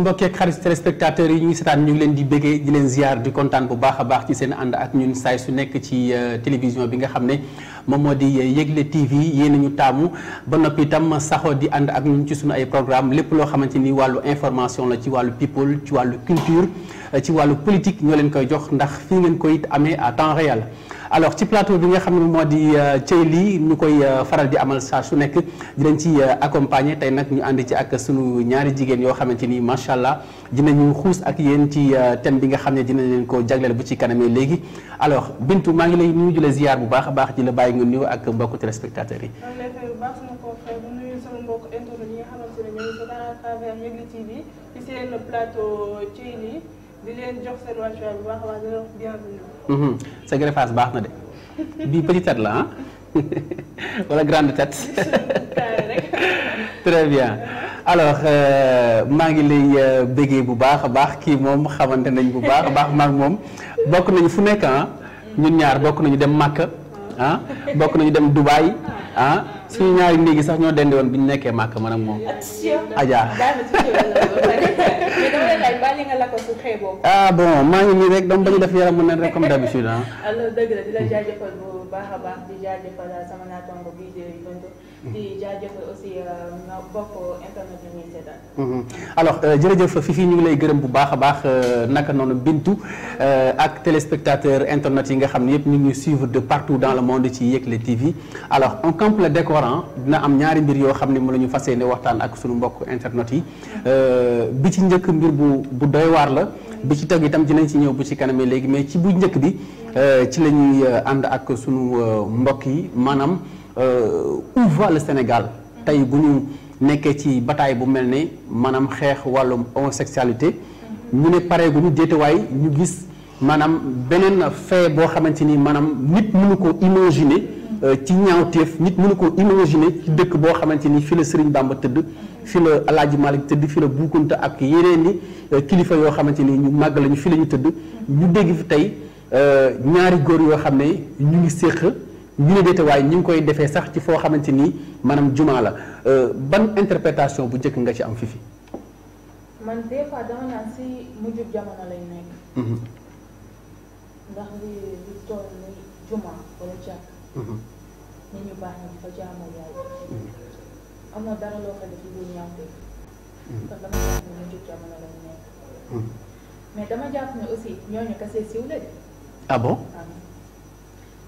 mbokkeek xarit téléspectateurs yi ñuy seetaan ñu ngi leen di bëggee di leen ziar di kontaan bu baax a baax ci seen ànd ak ñun saay su nekk ci euh, télévision bi nga xam ne moom moo di Yegle TV yéen ñu taamu ba noppi itam saxoo di ànd ak ñun ci suñu ay programme lépp loo xamante ni wàllu information la ci wàllu people ci wàllu culture ci wàllu politique ñoo leen koy jox ndax fii ngeen koy amee à temps réel. alors ci plateau bi nga xam ne moo di cey euh, lii ñu koy euh, faral di amal saa su nekk dinañ ci euh, accompagner tey nag ñu ànd ci ak sunu ñaari jigéen yoo xamante ni macha allah ñu xuus ak yéen ci thème bi nga xam ne dinañ leen ko jagleel bu ci kanamee léegi alors Bintu maa ngi lay nuyu di la ziar bu baax baax di la bàyyi nga nuyoo ak mbokku téléspectateurs yi. man baax ci seen plateau Thieyli di leen jox seen wàccuwaay bu baax mhm. sa greffage baax na de bii petite tête la ah wala grande tête. très bien. alors euh, maa ngi lay euh, béggee bu baax a baax kii moom xamante nañ bu baax a baax maak moom bokk nañu fu nekk ah ñun ñaar bokk nañu dem Màkka. ah bokku ñu dem dubai ah suñu ñaari ndigi sax ñoo dendi won biñu nekké makka man ak mom aja ah bon ma ngi ni rek dama bañu def yaram mu neen rek comme d'habitude ah alors deug la di la jaajeufal bu baaxa baax di jaajeufal sama natongo bi de di jaajëfal aussi euh, beaucoup internet yi ñuy seetaan. Mhm. alors euh, jërëjëf Fifi ñu ngi lay gërëm bu baax a baax euh, naka noonu Bintu ak téléspectateur internet yi nga xam ne ñu ngi suivre de partout dans le monde ci Yegle TV alors on campe le décorant, na am ñaari mbir yoo xam ne mu la ñu fas yéene waxtaan ak suñu mbokk internet yi mhm. bi ci njëkk mbir bu bu doy waar la. bi ci teg itam dinañ ci ñëw bu ci kanamee léegi mais ci bu njëkk bi ci la ñuy ak sunu mbokk yi maanaam. Euh, où va le Sénégal tay bu ñu ci bataille bu melni manam maanaam walum homosexualité ñu ne paré gu ñu déetewaay ñu gis manam benen fait bo xamanteni manam nit mënu ko imaginer euh, ci ñaawteef nit mënu ko imaginer ci dëkk bo xamanteni ni la Serigne Bamba teud fii la El Hadj Malick Boukounta ak yeneen ni euh, kilifa yo xamanteni ni ñu màgg lañu fii la ñu tëdd ñu dégg fi euh ñaari goor yo xamné ñu ngi séx ñu ne déete koy defee sax ci foo xamante ni maanaam jumaa la euh, ban interprétation bu njëkk nga ci am fifi man des fois dama naan si mujjub jamono lay nekk. Mhm. ndax li li toll ni jumaa wala jàkk. Mhm. nit ñu baax na fa jaamoo mhm. jamono lay nekk. mais dama jàpp ne aussi ñooñu kese siiw ah bon.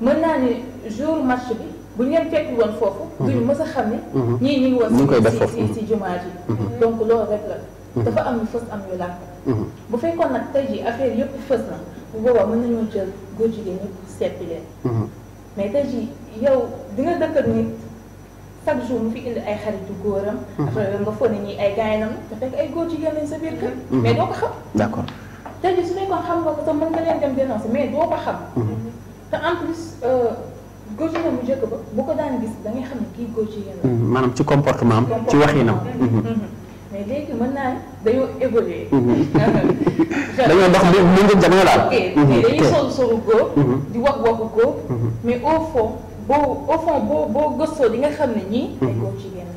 mën naa ne jour match bi bu ñu leen fekk woon foofu. Mhm. duñu mës a xam ne. Mhm. ñii ñu woon si jumaa ji. Mhm. donc loolu rek la. dafa am ñu fës am ñu làkk. bu fekkoon nag tey jii affaire yëpp fës na bu boobaa mën nañoo jël góor jigéen ñëpp seppi leen. mais tey jii yow di nga dëkk ak nit jour mu ay xaritu góoram. après nga foog ne ñii ay gaynam te ay góor jigéen lañ sa biir kër. mais doo ko xam. d'accord tey jii su fekkoon xam nga ko sax mën nga leen dem dénoncer mais doo xam. te en plus góor jigéen bu njëkk ba bu ko daan gis da xam ne kii góor jigéen la. maanaam ci comportement am ci waxinam. Mhm. Mhm. mais léegi mën naa dañoo évolué. Mhm. dañoo dox mu mu ngi jamono daal. ok dañuy sol solu góor. di wax waxu góor. mais au fond boo gëstoo di nga xam ne ñii. ay góor jigéen.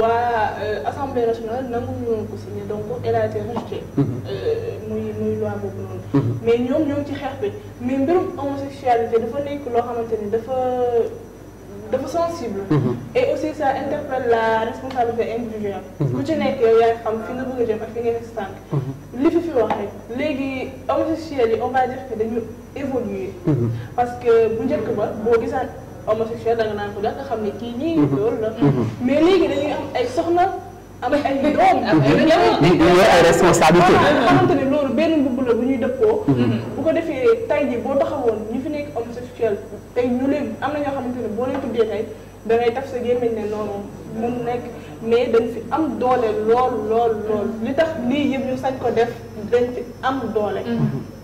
waa euh, assemblée nationale nanguñu woon ko signé donc elle a été rejetée. Mhm. Euh, muy muy loi mhm. mais ñoom ñoo ngi ci xeex mais mais mbirum homosexualité dafa nekk loo xamante ni dafa dafa sensible. Mhm. et aussi ça interpelle la responsabilité individuelle. ku ci nekk yow yaa xam fi nga bëgg a jëm ak fi nga nekk si tànk. li fi wax rek léegi homosexuels yi on va dire que dañu évoluer. parce que bu njëkk ba boo gisaan. homosexuel da nga naan ko da nga xam ne kii ñii mhm. loolu la mhm. mais léegi dañuy am ay soxna am ay doom am ay mhm. responsabilité xamante ne loolu benn mbubb la bu ñuy dëppoo bu ko defee tay ji boo taxawoon ñu fi nekk homosexuel tey ñu leen am na ñoo xamante ne boo leen tuddee tey da ngay taf sa gémmiñ ne noonu mun nekk mais dañ fi am doole lool lool lool li tax lii yëpp ñu sañ ko def dañ fi am doole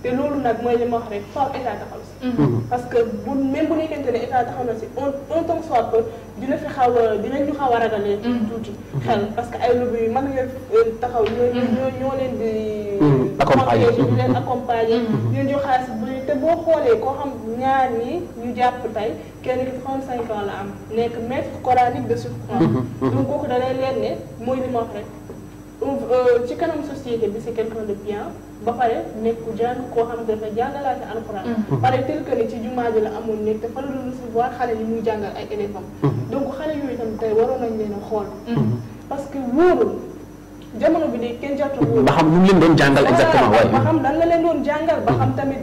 te loolu nag mooy li ma wax rek faaw état taxaw si. Mhm. Mhm. parce que bu même bu nekkente ne état taxaw na si on on tant soit peu dina fi xaw a dinañu xaw a ragalee. Mhm. tuuti xel parce que ay lobby mën nañu euh, taxaw. ñoo ñoo ñoo leen di. accompagner ñu leen accompagner. ñu jox xaalis bu te boo xoolee koo xam ñaar ñi ñu jàpp tey kenn ki 35 ans la am nekk maître coranique de surcroît. donc kooku da lay leen ne mooy li ma wax rek euh, ci kanam société bi c'est quelqu'un de bien. ba pare nekk ku jàng koo xam dafa jàngalaate alxuraan. Mm-hmm. pare tel que ne ci jumaa ji la amoon nekk dafa doon recevoir xale yi muy jàngal ay élèves mm-hmm. donc xale yooyu tam tey waroon nañ leen a xool. Mm-hmm. parce que wóorul jamono bi de kenn jartu wóorul. ba xam nu mu leen doon jàngal exactement waaye. ba xam la leen doon jàngal ba xam tamit.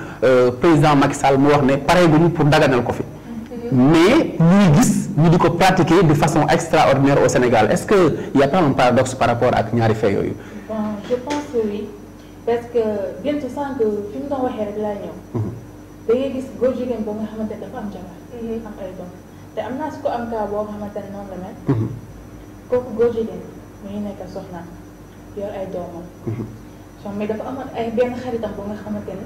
Euh, président Macky Sall mu wax né pare guñu pour daganal ko fi mais ñuy gis ñu diko pratiquer de façon extraordinaire au Sénégal est-ce que il y a pas un paradoxe par rapport ak ñaari fee yooyu. bon je pense oui parce que bien bientôt sànq fi mu doon waxé rek la ñew mhm. da ngay gis góor jigéen boo nga xamanté ne dafa am jabar. Mhm. am ay doom te am naa su ko am kaa boo nga xamante ne noonu la mel. Mhm. kooku góor jigéen mu ngi nekk soxnaam yor ay doomam. soxna mi dafa amoon ay benn xaritam boo nga xamante ne.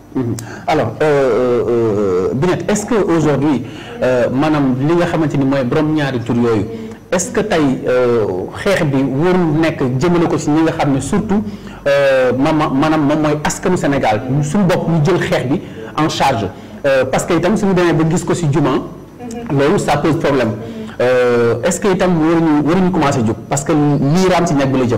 Mhm. alors euh, euh, euh, Binette est-ce que aujourd'hui que li nga est-ce que vous as bi warul nekk Mme ci surtout Mme, Sénégal nous sommes jël le en charge parce que itam vous gis mhm. ça pose problème est-ce que itam waruñu waruñu parce que nous ci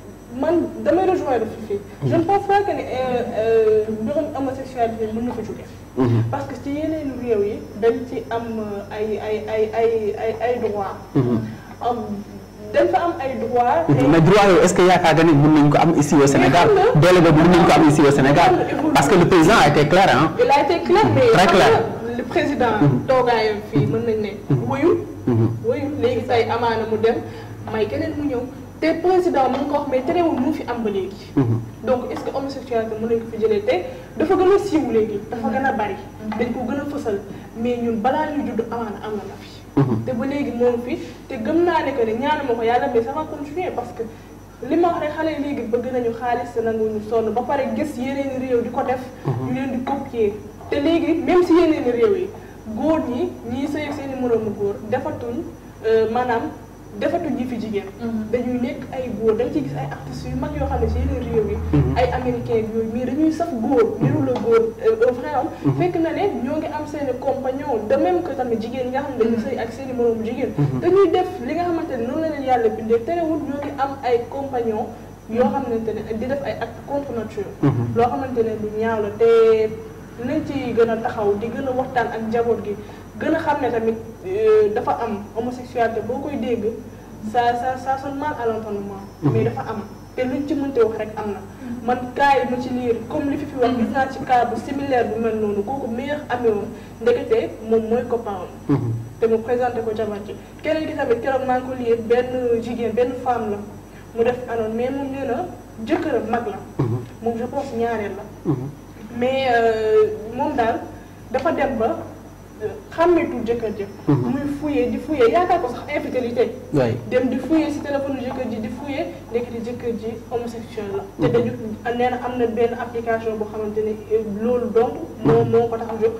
man damay rejoindre Fifi mhm. je ne pense pas que ne euh, euh, mbirum homosexualité mën na ko jóge mhm. parce que ci yeneen réew yi dañ ci am euh, ay ay ay ay ay ay droit mhm. dañ fa am ay droit mais droit yooyu est-ce que yaakaar nga ni mën nañ ko am ici au Sénégal doole boobu mën nañ ko am ici au Sénégal parce que le président a été clair hein il a été clair mais très clair le président toogaayam fii mën nañ ne wuyu wuyu léegi say amaana mu dem may keneen mu ñëw te président mu ngi ko wax mais terewul mu fi am ba léegi. Mhm. donc est-ce que homosexualité mën nañu ko fi jëlee te dafa gën a siiw léegi. dafa gën a bari. Mhm. dañ ko gën a mais ñun balaa ñuy judd amaana am na mhm. te ba léegi moo fi te gën naa ne que ne ñaanu ma ko yàlla mais ça va continuer parce que. li ma wax rek xale yi léegi bëgg nañu xaalis te nangu ñu sonn ba pare gis yeneen réew di ko def. ñu leen di copier te léegi même si yeneen réew yi góor ñi ñii sëy ak seen i moroomu góor defatuñ euh, maanaam. defatuñ ñi fi jigéen. Mhm. dañuy nekk ay góor dañ nga gis ay artistes yu mag yoo xam ne si yeneen réew yi. Mhm. ay américain yooyu mais dañuy saf góor. niru la góor euh, au vrai mhm. fekk na ne ñoo ngi am seen compagnon de même que tamit jigéen nga xam ne dañuy sëy ak seeni i moroom jigéen. dañuy def li nga xamante ne noonu la leen yàlla bindee terewul ñoo ngi am ay compagnon yoo xamante ne di def ay acte contre nature. loo xamante ne lu ñaaw la te nañ ci gën a taxaw di gën a waxtaan ak njaboot gi gën a xam ne tamit. Euh, dafa am homosexualité boo koy dégg ça ça ça sonne mal à l'entendement mhm. mais dafa am te luñ ci wax rek am cas comme li fi fi wax mhm. gis ci cas bu similaire bu mel noonu kooku meilleur amee copain mhm. te mu présenté ko jabar ci ki tamit keroog maa ko liir benn jigéen femme la mu def mais moom nee mag la je pense ñaareel mais euh, moom daal dafa dem ba xàmmeetul jëkkër ji mhm. muy fouillé di fouillé yaakaar ko sax infidélité dem di fouillé si téléphone jëkkër ji di fouillé nekk di jëkkër ji homosexuel la te mhm. dañu nee na am na benn application boo xamante ne euh, loolu donc mhm. moom moo ko tax a jóg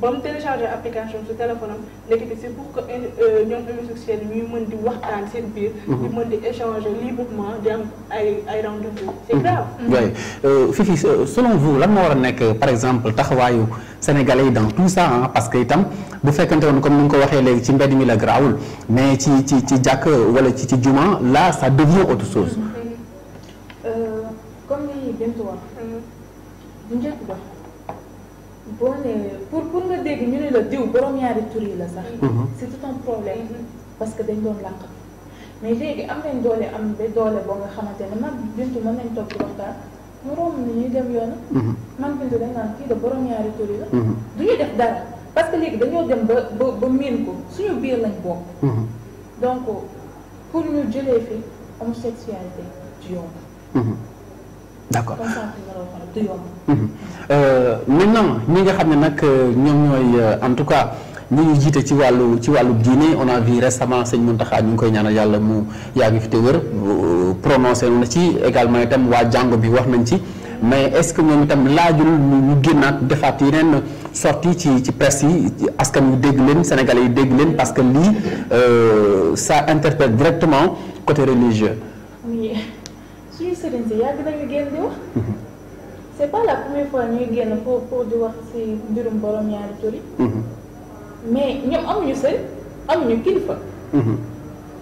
ba mu téléchargé application su téléphone am nekk di c'est pour que euh, euh, ñoom homosexuel ñuy mën di waxtaan seen biir di mën di échanger librement di am ay ay rendez-vous c'est grave waaye Fifi selon vous lan moo war a nekk par exemple taxawaayu sénégalais yi dans tout ça hein, parce que itam bu fekkante woon comme ni nga ko waxee léegi ci mbedd mi la garaawul mais ci ci ci jàkk wala ci ci juma là ça devient autre chose. euh comme ni Bintu wax. bu njëkk ba boo nee pour pour nga dégg ñu ne la diw borom ñaari tur yi la sax. Mhm. c'est tout un problème parce que dañ doon làq. mais légui am nañ doole am be doole bo nga xamante ne man mën nañ top di waxtaan mu romb ni ñuy dem yoon. Mhm. man Bintu dañ naan kii de borom ñaari tur yi la. Mhm. du def dara parce que dañu dem ba ba suñu biir lañ mhm. donc pour ñu fi homosexualité du mhm. d' du mhm. euh, maintenant ñi nga xam ne euh, euh, en tout cas. ñu ci ci on a vu récemment sëñ ñu koy ñaanal mu fi wër ci également bi wax mais est-ce que nous itam laajul ñu defaat sorti ci ci presse yi askan yu dégg leen sénégalais yi dégg leen parce que lii euh, ça interpelle directement côté religieux. oui suñu sëriñ si yàgg nañu génn di wax. Mm-hmm. c'est pas la première fois ñuy génn pour pour di wax ci mbirum borom ñaari tur mm-hmm. mais ñoom amuñu sëriñ amuñu kilifa. Mm-hmm.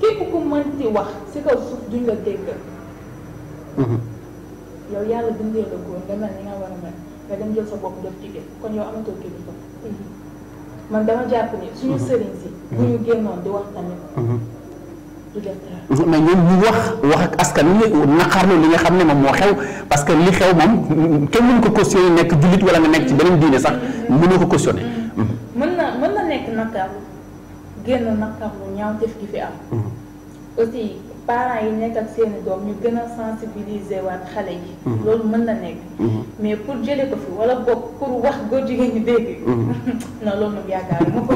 képp ku mënti wax ci kaw suuf duñ la dégg. yow yàlla dundee la góor nga mel ni nga war a mel. nga dem jël sa mhm. man dama jàpp ni suñu mhm. sëriñ si mhm. bu ñu génnoon di wax tamit du def wax wax ak askan wi naqarlu li nga xam ne moom moo xew parce que li xew moom kenn mënu ko cautionné nekk jullit wala nga nekk ci beneen diine sax mënoo ko cautionné mën na mën na nekk naqarlu génn naqarlu ñaaw def gi fi am parents yi nekk ak seen doom ñu gën a sensibiliser waat xale yi. Mhm. loolu mën na nekk. Mhm. mais pour jëlee ko fi wala boog pour wax góor jigéen ñu dégg. Mhm. non loolu moom yaakaar na ko.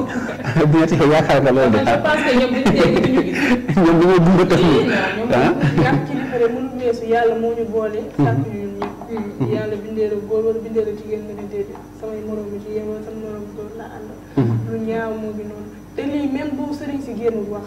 bu ñu tee yaakaar nga loolu de. je pense que ah. yàlla moo ñu boole. sàkk ñun ñëpp. yàlla bindee la góor wala bindee la jigéen nga di dégg samay moromu jigéen wala sama moromu góor la ànd. lu ñaaw moo ngi noonu te lii même boobu sëriñ si génn wax.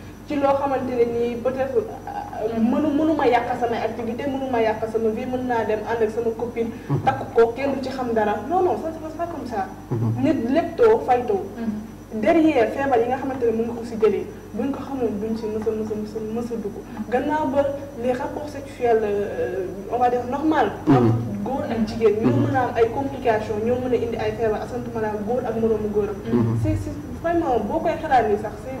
ci loo xamante ne nii peut-être euh, mënu mënuma yàq sama activité mënuma yàq sama vie mën naa dem ànd ak sama copine. Mhm. takk ko kenn du ci xam dara non non ça se passe pas comme ça. Mhm. nit lépp too mhm. derrière feebar yi nga xamante ne mën nga ko si jëlee buñ ko xamoon duñ si mësa mësa mësa mësa mës a dugg gannaaw ba les rapports sexuels euh, on va dire normal. góor ak jigéen ñoo mën a am ay complications ñoo mën a indi ay feebar asantuma la góor ak moroomu góoram. c'est c'est vraiment boo koy xalaat nii sax c'est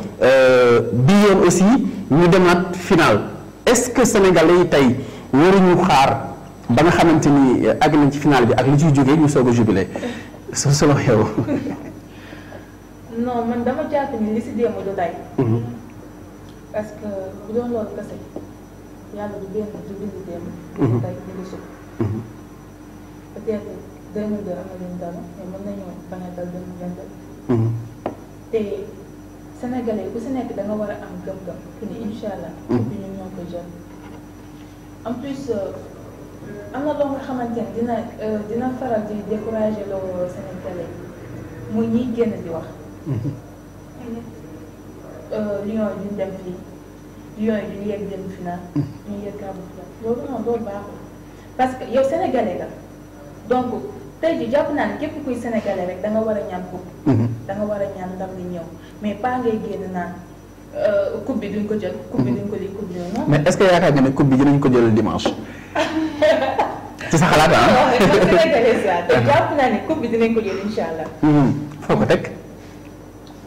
Euh, bi yoon aussi ñu demaat final est-ce que sénégalais yi tey waruñu xaar ba nga xamante ni euh, àgg nañ ci final bi ak li ciy jógee ñu soog a jubilé so solo yow. non man dama jàpp ni li si démb du day. Mhm. parce que bu doon loolu kese yàlla du benn du bind démb. Mhm. tey ñu ngi sub. Mhm. peut-être deux mille deux am na lu ñu dara mais mën nañoo bañ a dal deux mille vingt te. Sénégalais ku si nekk da nga war a am gëm-gëm fi ni incha allah. fi mm. ñun ñoo ko jël. en plus euh, am na loo nga xamante ne dina euh, dina faral di décourager loo Sénégalais muy ñiy génn di wax. Mm-hmm. Euh, Lions yi duñ dem fii Lions yi duñ yegg dem final. duñ mm. yegg kàddu final loolu noonu loolu baaxul parce que yow Sénégalais la donc. tey ji jàpp naa ne képp kuy sénégalais rek da nga war a ñaan coupe mhm. da nga war a ñaan ndam li ñëw mais pas ngay génn naan euh, coupe bi duñ ko jël. coupe bi mhm. duñ ko lii coupe bi mais est-ce que nga ne coupe bi dinañ ko jël dimanche. ci sa a ah. waaw waaw te jàpp naa ne coupe bi dinañ ko jël incha allah. Mhm. foo ko teg.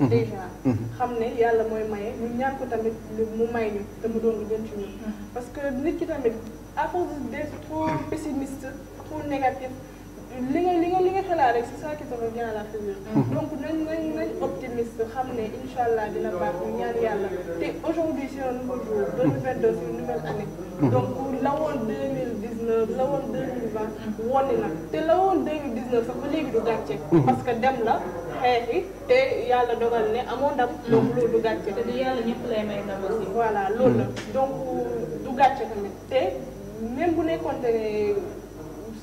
Mhm. déjà mhm. xam ne yàlla mooy maye ñu ñaan ko tamit mu may ñu te mu doon lu gën ci mhm. parce que nous ki tamit à cause d'être trop pessimiste trop négatif li nga li nga li nga rek c'est ça qui te revient à la figure donc nañ nañ optimistes, optimiste xam ne incha allah dina baax nous. ñaan te aujourd'hui c'est un nouveau jour 2022 c'est une nouvelle année donc l'année 2019 l'année 2020 wone na te la l'année 2019 ça ba léegi du parce que dem la xeexi te yàlla dogal ne amoon ndam. Mm. donc loolu du gàcce te du yàlla ñëpp lay may ndam aussi. voilà loolu la mm. donc du gàcce tamit te même bu nekkoon te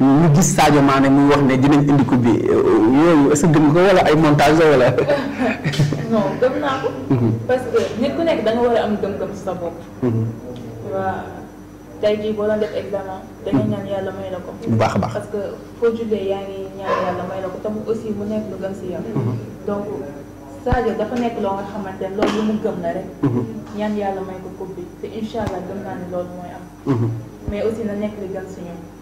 ñu gis Sadio Mané muy wax ne dinañ indi coupe bi yooyu est-ce que ko wala ay montage la wala. gëm naa ko. Mhm. parce que nit ku nekk da war a am gëm-gëm sa bopp. Mhm. waa tey jii boo doon def examen. da nga mhm. yàlla may la ko. baax baax parce que foo jullee yaa ngi ñaan yàlla may la ko tam aussi mu nekk lu gëm si yow. donc Sadio dafa nekk loo nga xamante loolu mu gëm la rek. ñaan yàlla may ko coupe bi te incha allah gëm naa ne loolu mooy am. mais aussi na nekk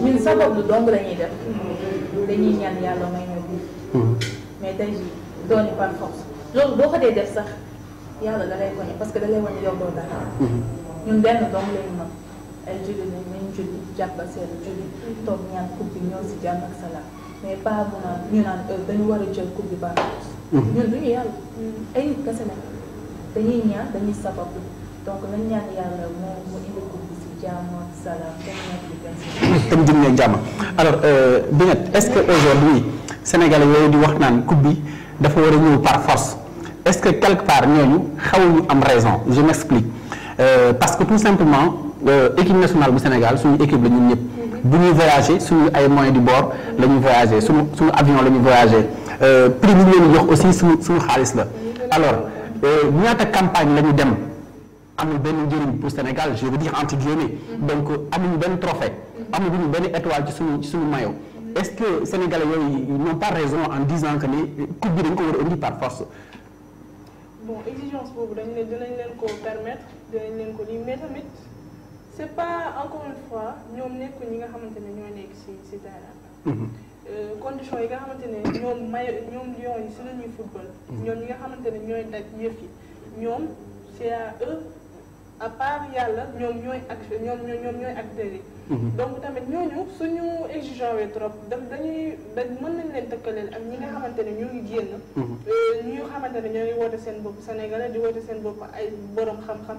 ñun sabab lu dong la ñuy def dañuy ñaan yàlla may ñëw hmm. mais tey jii dooni par loolu boo ko dee def sax yàlla da lay koñe parce que da lay wane yomboo dara hmm. ñun benn dong lañu mën ay julli nañ nañ julli jàppal seen julli toog ñaan coupe bi ñëw si jàmm ak salaam mais pas bu naan ñu naan euh, dañu war a jël coupe bi baax hmm. ñun duñu yàlla ay nit kese la dañuy ñaan dañuy sabablu donc nañ ñaan yàlla moo mu indi alors euh, est-ce que aujourd'hui Sénégalais ont di wax naan coupe bi dafa par force est-ce que quelque part nous, nous am raison je m'explique euh, parce que tout simplement euh, nationale du Sénégal une équipe de l'Union ñëpp bu ñuy voyager suñu ay moyens du bord la ñuy voyager suñu suñu avion la ñuy voyager euh, prix bi ñu leen aussi suñu suñu xaalis la alors euh, ñaata campagne la ñu amul Ben njëriñ pour le Sénégal je veux dire anti guillemets mm-hmm. donc amuñu Ben trophée mm-hmm. amuñu Ben étoile ci suñu suñu maillot mm-hmm. est-ce que Sénégalais yooyu n'ont pas raison en disant que les coupe bi dañ ko war a par force bon exigence boobu dañ ne dinañ leen ko permettre dinañ leen ko lii mais tamit c'est pas encore une fois ñoom nekk ñi nga xamante ne ñooy nekk ci ci terrain euh, condition yi nga xamante ne ñoom may ñoom lion yi football ñoom ñi nga xamante ne ñooy daj yëf yi ñoom c'est à eux à part yàlla ñoom ñooy acte ñoom ñoom ñooy acteurs yi. Mhm. donc tamit ñooñu suñu exigeant wee trop daf dañuy dañ mën nañ leen tëkkaleel ak ñi nga xamante ne ñu ngi génn. Mhm. Euh, ñi nga xamante ne ñoo ngi woote seen bopp Sénégalais di woote seen bopp ay borom xam-xam.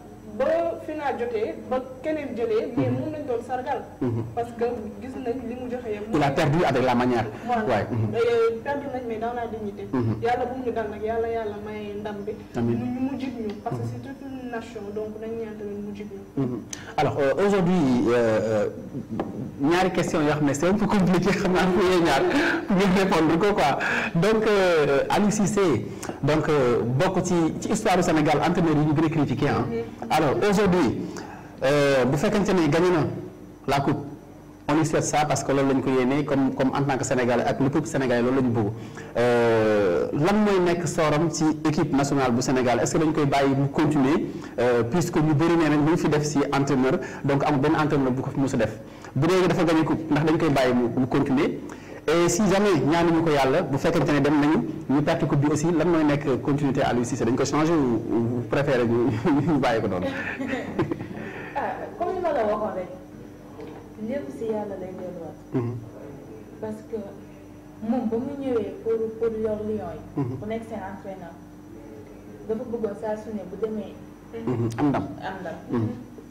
ba fina jotee ba keneen jëlee mais mhm. moom lañ doon sargal. Mhm. parce que gis nañ li mu joxe yëpp. il a perdu avec la manière. waaye mhm. euh, perdu nañ mais dans la dignité. yàlla bu ñu dal nag yàlla yàlla may ndam bi. amiin ñu mu jig ñu. parce que c'est toute une nation donc nañ ñaan tamit mu jig ñu. alors euh, aujourd'hui euh, euh, ñaari euh, question yoo xam ne c'est un peu compliqué xam naa ku yee ñaar ngir répondre ko quoi donc euh, Aliou Cissé donc bokk ci ci histoire du Sénégal entraîneur yi ñu gën a critiqué ah. Alors aujourd'hui euh, bu faites ni gagné na la coupe on lui ça parce que loolu la ko comme comme en tant que sénégalais ak le peuple sénégalais loolu la ñu bëgg euh, lan mooy nekk sooram ci équipe nationale bu Sénégal est-ce que l'on koy bàyyi mu continuer euh, puisque nous bëri nee nañ lu fi si entraîneur donc amul bon entraîneur bu ko fi mos a def bu dee dafa gagné coupe ndax koy continuer et si jamais vous ko un bu fekkente vous dem nañu ñu nous bi aussi lan continuer continuité à lui si c'est ko ou vous, préférez. ñu ah, comme ni la mhm. parce que moom ba mu pour pour l'Orléans, pour yi. Mhm. entraîneur vous bëggoon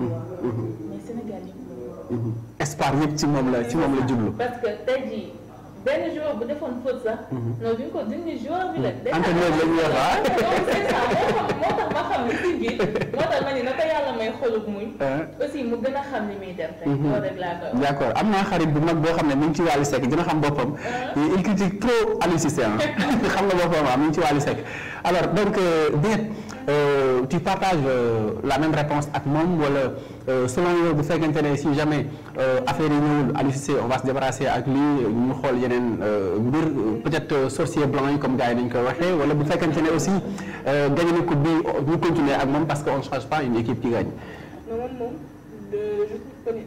mais Sénégal yëpp la ci moom la jublu. parce que tey jii benn joueur bu defoon faute sax. Mhm. non duñ ko duñ joueur bi la. Mhm. entraîneur ah. moo tax ma xam ne si moo tax ma ne yàlla may xolub muy. Ah. aussi mu gën a xam li mhm. am naa xarit bu mag boo xam ne mi ngi ci Wally Seck gën a xam boppam. Ah. il critique trop Aliou Cissé xam nga boppam mi ngi ci Wally alors donc bien. Euh, euh, tu partages euh, la même réponse avec moom wala euh, selon yow vous faites ne si jamais euh, affaire yi à on va se débarrasser avec lui, nous xool peut-être sorcier blanc comme gars yi ou koy waxee wala bu fekkente ne aussi gagné na coupe nous continuer avec moom parce qu'on ne change pas une équipe qui gagne. non je trouve que ni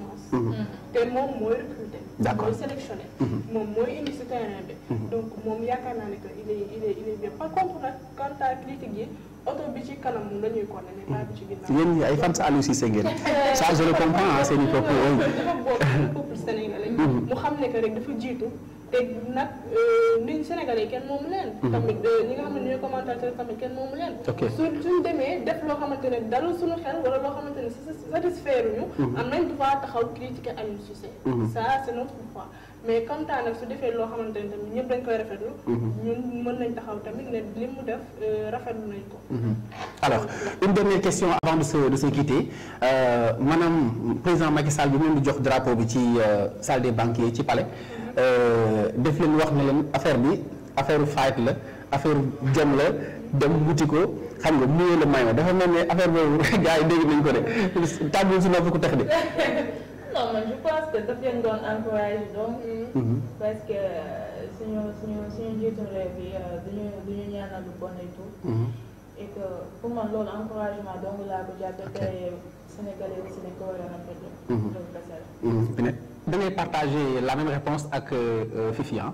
compétence mm-hmm. mm-hmm. te moom mooy recruter mooy sélectionner mm-hmm. moom mooy indi si terrain bi donc moom yaakaar naa ne que il est par contre nag quant à critique yi auto bi ci kanam moom dañuy ko ne pas bi ci ginnaaw. yéen ay fans Aliou Cissé ngeen ça je le comprends seen i propos dafa bokk peuple mm-hmm. mu xam ne rek dafa jiitu te nag euh, nit kenn moomu leen mm-hmm. tamit euh, ñi nga xam ne ñooy commentateur tamit kenn moomu leen su suñ demee def loo xamante ne dalul suñu xel wala loo xamante ne satisfaire ñu mm-hmm. am nañ droit taxaw critiquer Aliou Cissé ça c'est notre droit mais comme taa nag su defee loo xamante ne tamit ñëpp dañ koy rafetlu. Mhm. ñun mën nañ taxaw tamit ne li mu def euh, rafetlu nañ ko. Mhm. alors une dernière question avant de se de se quitter euh, maanaam président Macky Sall bi mu di jox drapeau bi ci euh, salle des banquiers ci palais. Mhm. def leen wax ne leen affaire bi affaire fight la affaire jom la dem wuti ko xam nga muyee le mayoo dafa mel ne affaire boobu gars yi dégg nañ ko de tàggul si nopp ku tax de. non mais je pense que ça vient d'un encouragement, donc. Mhm. parce que Seigneur, Seigneur, Seigneur, y a et tout. Mhm. et que pour encouragement donc euh, Sénégalais et a mhm. la. même réponse à euh, Fifi hein?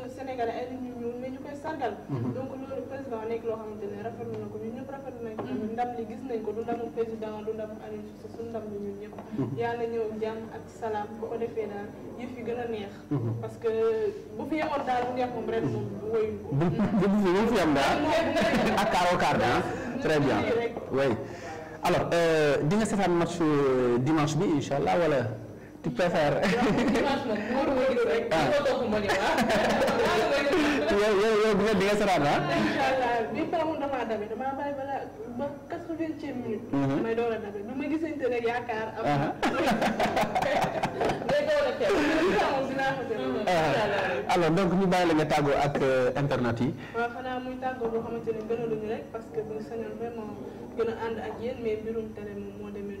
Sénégalais ay nit ñu ñuul mais ñu koy sargal mhm. donc loolu président nekk loo xamante ne rafetlu na ko ñun ñëpp rafetlu nañ ko mhm. ndam li gis nañ ko du ndamu président du ndamu Aliou Cissé suñu ndam li ñun ñëpp mhm. yàlla ñëw jàmm ak salaam bu ko defee daal yëf yi gën a neex parce que bu fi yemoon daal bu neex moom ren moom woyu bu fi yem daal ak kaaroo kaar daal très bien oui alors euh, di nga match euh, dimanche bi incha allah wala tu préfères. yow yow yow nga di nga saraan ah. allah bi faamu damaa dabi damaa bàyyi bala ba quatre-vingtième minute. may door a dabi bi ma gisante rek yaakaar am. day donc ñu bàyyi la nga tàggoo ak internet yi. waaw xanaa muy tàggoo boo xamante ne gënaluñu rek parce que bu ñu sañoon gën a ànd ak yéen mais mbirum télé moom moo demee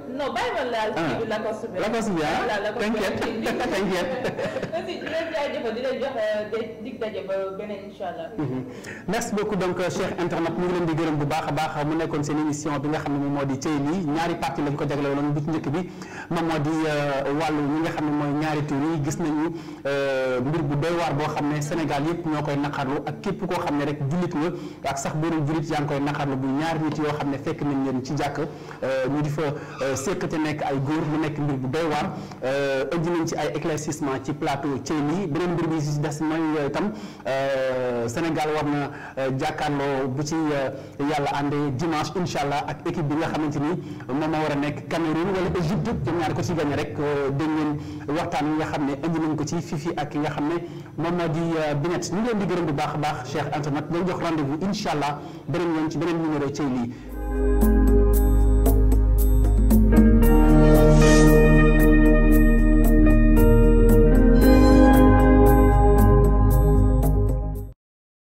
non bàyyi ma laal. ah Lacoste bi Lacoste bi ah leen jaajëfal euh, mhm. donc euh, cher internaute ñu ngi di gërëm bu baax a baax mu nekkoon seen émission bi nga xam ne moom moo di cey lii ñaari partie lañ ko jagleeloon bu ci njëkk bi moom euh, wàllu ñi nga xam ne mooy ñaari tur yi gis nañu mbir bu doy waar boo xam ne Sénégal yëpp ñoo koy naqarlu ak képp koo xam ne rek jullit nga ak sax benn jullit yaa ngi koy naqarlu bu ñaari nit yoo xam ne fekk nañ leen ci jàkk ñu di séq te nekk ay góor mu nekk mbir bu doy waar euh, indi nañ ci ay éclaircissement ci plateau Thiély beneen mbir bi si des mooy itam euh, Sénégal war na euh, jàkkaarloo bu ci yàlla àndee dimanche incha allah ak équipe bi nga xamante ni moom moo war a nekk Cameroun wala Égypte ñoom ko ci gagné rek dégg ngeen waxtaan yi nga xam ne indi nañ ko ci fii fii ak ki nga xam ne moom moo di Binette ñu leen di gërëm bu baax a baax Cheikh Anta Mat jox rendez-vous allah beneen yoon ci beneen numéro Thiély Thank you.